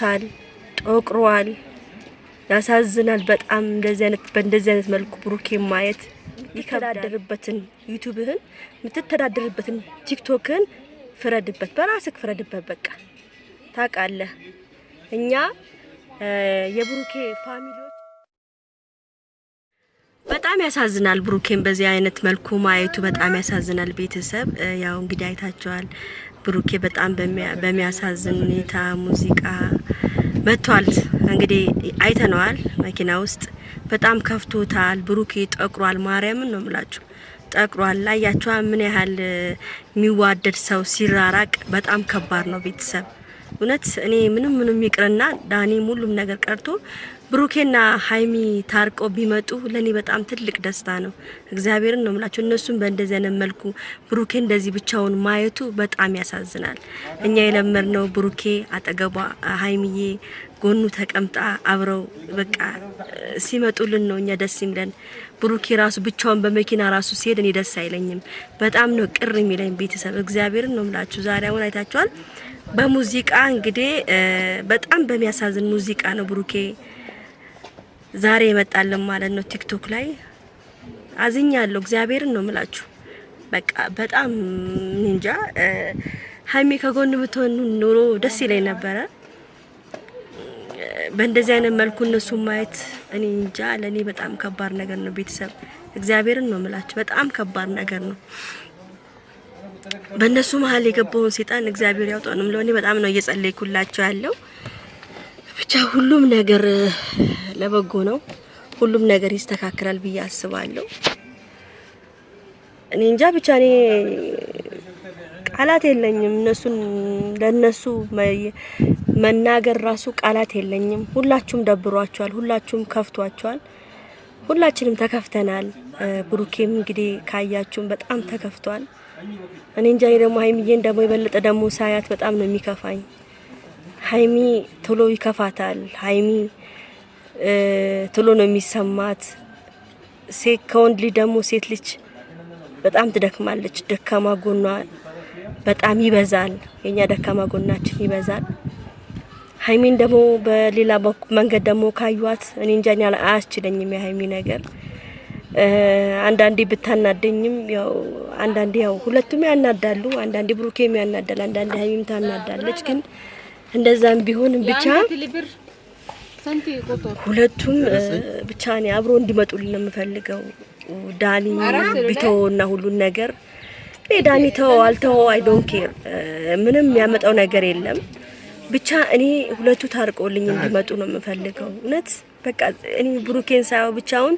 ጎድቶታል፣ ጠቅሯል ያሳዝናል። በጣም እንደዚህ አይነት በእንደዚህ አይነት መልኩ ብሩኬ ማየት ይከዳደርበትን ዩቲዩብህን የምትተዳደርበትን ቲክቶክህን ፍረድበት፣ በራስህ ፍረድበት። በቃ ታውቃለህ እኛ የብሩኬ ፋሚሊ በጣም ያሳዝናል። ብሩኬን በዚህ አይነት መልኩ ማየቱ በጣም ያሳዝናል። ቤተሰብ ያው እንግዲህ አይታቸዋል። ብሩኬ በጣም በሚያሳዝን ሁኔታ ሙዚቃ መጥቷል። እንግዲህ አይተነዋል መኪና ውስጥ በጣም ከፍቶታል። ብሩኬ ጠቁሯል። ማርያምን ነው ምላችሁ ጠቅሯል። ላያቸዋ ምን ያህል የሚዋደድ ሰው ሲራራቅ በጣም ከባድ ነው ቤተሰብ እውነት እኔ ምንም ምንም ይቅርና ዳኒ ሁሉም ነገር ቀርቶ ብሩኬና ሀይሚ ታርቆ ቢመጡ ለኔ በጣም ትልቅ ደስታ ነው። እግዚአብሔርን ነው ምላቸው። እነሱን በእንደዚህ አይነት መልኩ ብሩኬ እንደዚህ ብቻውን ማየቱ በጣም ያሳዝናል። እኛ የለመድነው ብሩኬ አጠገቧ ሀይሚዬ ጎኑ ተቀምጣ አብረው በቃ ሲመጡልን ነው እኛ ደስ ይምለን። ብሩኬ ራሱ ብቻውን በመኪና ራሱ ሲሄድ እኔ ደስ አይለኝም። በጣም ነው ቅር የሚለኝ ቤተሰብ። እግዚአብሔርን ነው ምላችሁ። ዛሬ አሁን አይታችኋል። በሙዚቃ እንግዲህ በጣም በሚያሳዝን ሙዚቃ ነው ብሩኬ ዛሬ ይመጣልን ማለት ነው። ቲክቶክ ላይ አዝኛለሁ። እግዚአብሔርን ነው ምላችሁ። በቃ በጣም እንጃ። ሀይሚ ከጎን ብትሆን ኑሮ ደስ ይለኝ ነበረ። በእንደዚህ አይነት መልኩ እነሱ ማየት እኔ እንጃ፣ ለእኔ በጣም ከባድ ነገር ነው። ቤተሰብ እግዚአብሔርን ነው ምላችሁ። በጣም ከባድ ነገር ነው። በእነሱ መሀል የገባውን ሴጣን እግዚአብሔር ያውጣው ነው። እኔ በጣም ነው እየጸለይኩላቸው ያለው ብቻ ሁሉም ነገር ለበጎ ነው። ሁሉም ነገር ይስተካከላል ብዬ አስባለሁ። እኔ እንጃ ብቻ እኔ ቃላት የለኝም። እነሱን ለነሱ መናገር ራሱ ቃላት የለኝም። ሁላችሁም ደብሯቸዋል፣ ሁላችሁም ከፍቷቸዋል፣ ሁላችንም ተከፍተናል። ብሩኬም እንግዲህ ካያችሁም በጣም ተከፍቷል። እኔ እንጃ እኔ ደግሞ ሀይሚዬን ደግሞ የበለጠ ደግሞ ሳያት በጣም ነው የሚከፋኝ። ሀይሚ ቶሎ ይከፋታል ሀይሚ ቶሎ ነው የሚሰማት። ሴት ከወንድ ልጅ ደግሞ ሴት ልጅ በጣም ትደክማለች። ደካማ ጎኗ በጣም ይበዛል። የኛ ደካማ ጎናችን ይበዛል። ሀይሚን ደግሞ በሌላ መንገድ ደግሞ ካዩዋት እኔ እንጃ አያስችለኝም የሀይሚ ነገር። አንዳንዴ ብታናደኝም ያው አንዳንዴ ያው ሁለቱም ያናዳሉ። አንዳንዴ ብሩኬም ያናዳል፣ አንዳንዴ ሀይሚም ታናዳለች። ግን እንደዛም ቢሆንም ብቻ ሁለቱም ብቻ እኔ አብሮ እንዲመጡልን ነው የምፈልገው። ዳኒ ቢተው እና ሁሉን ነገር እኔ ዳኒ ተው አልተው አይ ዶንት ኬር ምንም ያመጣው ነገር የለም። ብቻ እኔ ሁለቱ ታርቆልኝ እንዲመጡ ነው የምፈልገው። እውነት በቃ እኔ ብሩኬን ሳየው ብቻውን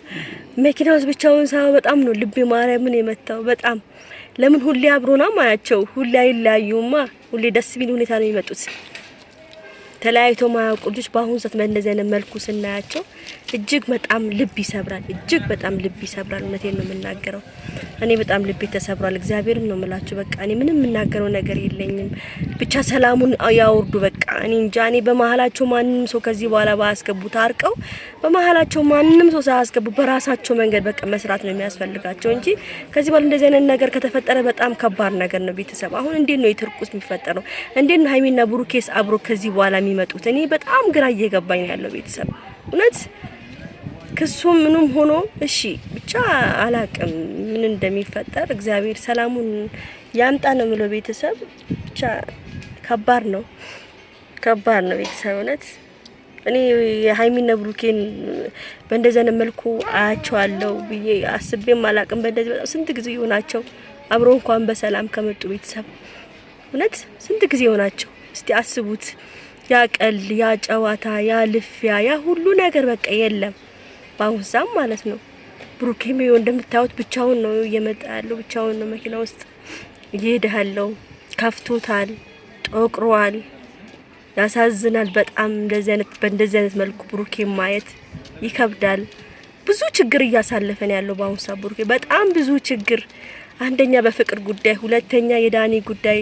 መኪና ውስጥ ብቻውን ሳየው በጣም ነው ልቤ ማርያምን የመታው። በጣም ለምን ሁሌ አብሮና ማያቸው ሁሌ አይለያዩማ። ሁሌ ደስ ቢል ሁኔታ ነው የሚመጡት። ተለያይቶ ማያውቁ ልጆች በአሁኑ ሰዓት በእንደዚህ አይነት መልኩ ስናያቸው እጅግ በጣም ልብ ይሰብራል። እጅግ በጣም ልብ ይሰብራል። እውነቴን ነው የምናገረው። እኔ በጣም ልቤ ተሰብሯል። እግዚአብሔርን ነው የምላችሁ። በቃ እኔ ምንም የምናገረው ነገር የለኝም። ብቻ ሰላሙን ያወርዱ። በቃ እኔ እንጃ። እኔ በመሀላቸው ማንም ሰው ከዚህ በኋላ ባያስገቡ፣ ታርቀው በመሀላቸው ማንም ሰው ሳያስገቡ በራሳቸው መንገድ በቃ መስራት ነው የሚያስፈልጋቸው እንጂ ከዚህ በኋላ እንደዚህ አይነት ነገር ከተፈጠረ በጣም ከባድ ነገር ነው። ቤተሰብ አሁን እንዴት ነው የትርቁስ የሚፈጠረው? እንዴት ነው ሀይሚና ብሩኬስ አብሮ ከዚህ በኋላ የሚመጡት? እኔ በጣም ግራ እየገባኝ ነው ያለው ቤተሰብ እውነት ክሱም ምንም ሆኖ እሺ ብቻ አላቅም ምን እንደሚፈጠር እግዚአብሔር ሰላሙን ያምጣ ነው የምለው። ቤተሰብ ብቻ ከባድ ነው፣ ከባድ ነው ቤተሰብ እውነት። እኔ የሀይሚና ብሩኬን በእንደዘነ አይነት መልኩ አያቸዋለሁ ብዬ አስቤም አላቅም። በእንደዚህ በጣም ስንት ጊዜ ይሆናቸው አብሮ እንኳን በሰላም ከመጡ ቤተሰብ እውነት ስንት ጊዜ ይሆናቸው? እስቲ አስቡት። ያ ቀል ያ ጨዋታ ያ ልፊያ ያ ሁሉ ነገር በቃ የለም። በአሁን ሰዓት ማለት ነው። ብሩኬም ይኸው እንደምታዩት ብቻውን ነው እየመጣ ያለው፣ ብቻውን ነው መኪና ውስጥ እየሄዳለው። ከፍቶታል፣ ጦቅሯል፣ ያሳዝናል በጣም እንደዚህ አይነት በእንደዚህ አይነት መልኩ ብሩኬ ማየት ይከብዳል። ብዙ ችግር እያሳለፈ ነው ያለው በአሁን ሰዓት ብሩኬ በጣም ብዙ ችግር፣ አንደኛ በፍቅር ጉዳይ፣ ሁለተኛ የዳኒ ጉዳይ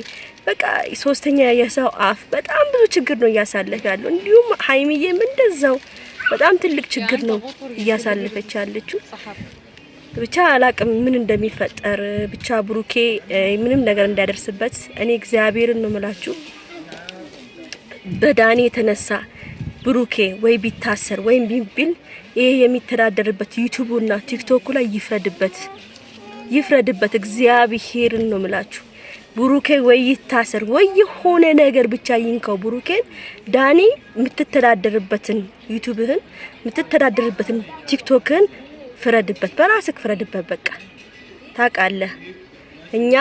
በቃ ሶስተኛ የሰው አፍ በጣም ብዙ ችግር ነው እያሳለፈ ያለው። እንዲሁም ሀይሚዬም እንደዛው በጣም ትልቅ ችግር ነው እያሳለፈች ያለችው። ብቻ አላቅም ምን እንደሚፈጠር ብቻ ብሩኬ ምንም ነገር እንዳይደርስበት እኔ እግዚአብሔርን ነው ምላችሁ። በዳኔ የተነሳ ብሩኬ ወይ ቢታሰር ወይም ቢቢል ይሄ የሚተዳደርበት ዩቱቡና ቲክቶኩ ላይ ይፍረድበት፣ ይፍረድበት። እግዚአብሔርን ነው ምላችሁ። ብሩኬ ወይ ይታሰር ወይ የሆነ ነገር ብቻ ይንከው። ብሩኬን ዳኒ የምትተዳደርበትን ዩቲዩብህን የምትተዳደርበትን ቲክቶክህን ፍረድበት፣ በራስህ ፍረድበት። በቃ ታውቃለህ፣ እኛ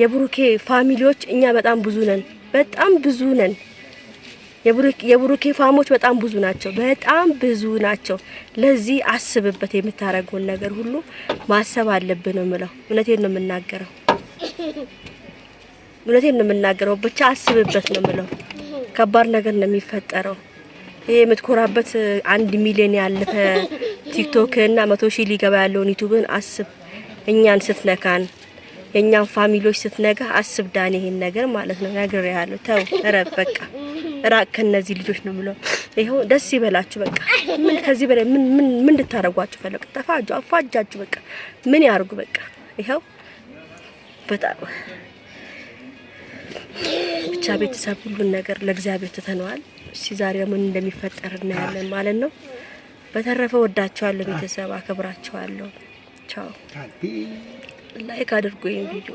የብሩኬ ፋሚሊዎች እኛ በጣም ብዙ ነን፣ በጣም ብዙ ነን። የብሩኬ ፋሞች በጣም ብዙ ናቸው፣ በጣም ብዙ ናቸው። ለዚህ አስብበት፣ የምታደርገውን ነገር ሁሉ ማሰብ አለብን። ነው እውነቴን ነው የምናገረው። እውነቴን ነው የምናገረው። ብቻ አስብበት ነው የምለው። ከባድ ነገር ነው የሚፈጠረው። ይሄ የምትኮራበት አንድ ሚሊዮን ያለፈ ቲክቶክ እና መቶ ሺህ ሊገባ ያለውን ዩቲዩብን አስብ። እኛን ስትነካን የእኛን ፋሚሊዎች ስትነካ አስብ ዳን ይሄን ነገር ማለት ነው ነግሬሃለሁ። ተው እረብ በቃ ራቅ ከነዚህ ልጆች ነው ብለው ይኸው ደስ ይበላችሁ። በቃ ምን ከዚህ በላይ ምን ምን ምን እንድታረጓችሁ ፈለቅ ጠፋ አፋጃችሁ በቃ ምን ያርጉ በቃ ይኸው በጣም ብቻ ቤተሰብ ሁሉን ነገር ለእግዚአብሔር ትተነዋል። እሺ ዛሬ ምን እንደሚፈጠር እናያለን ማለት ነው። በተረፈ ወዳችኋለሁ ቤተሰብ፣ አከብራችኋለሁ። ቻው። ላይክ አድርጉ ይሄን ቪዲዮ።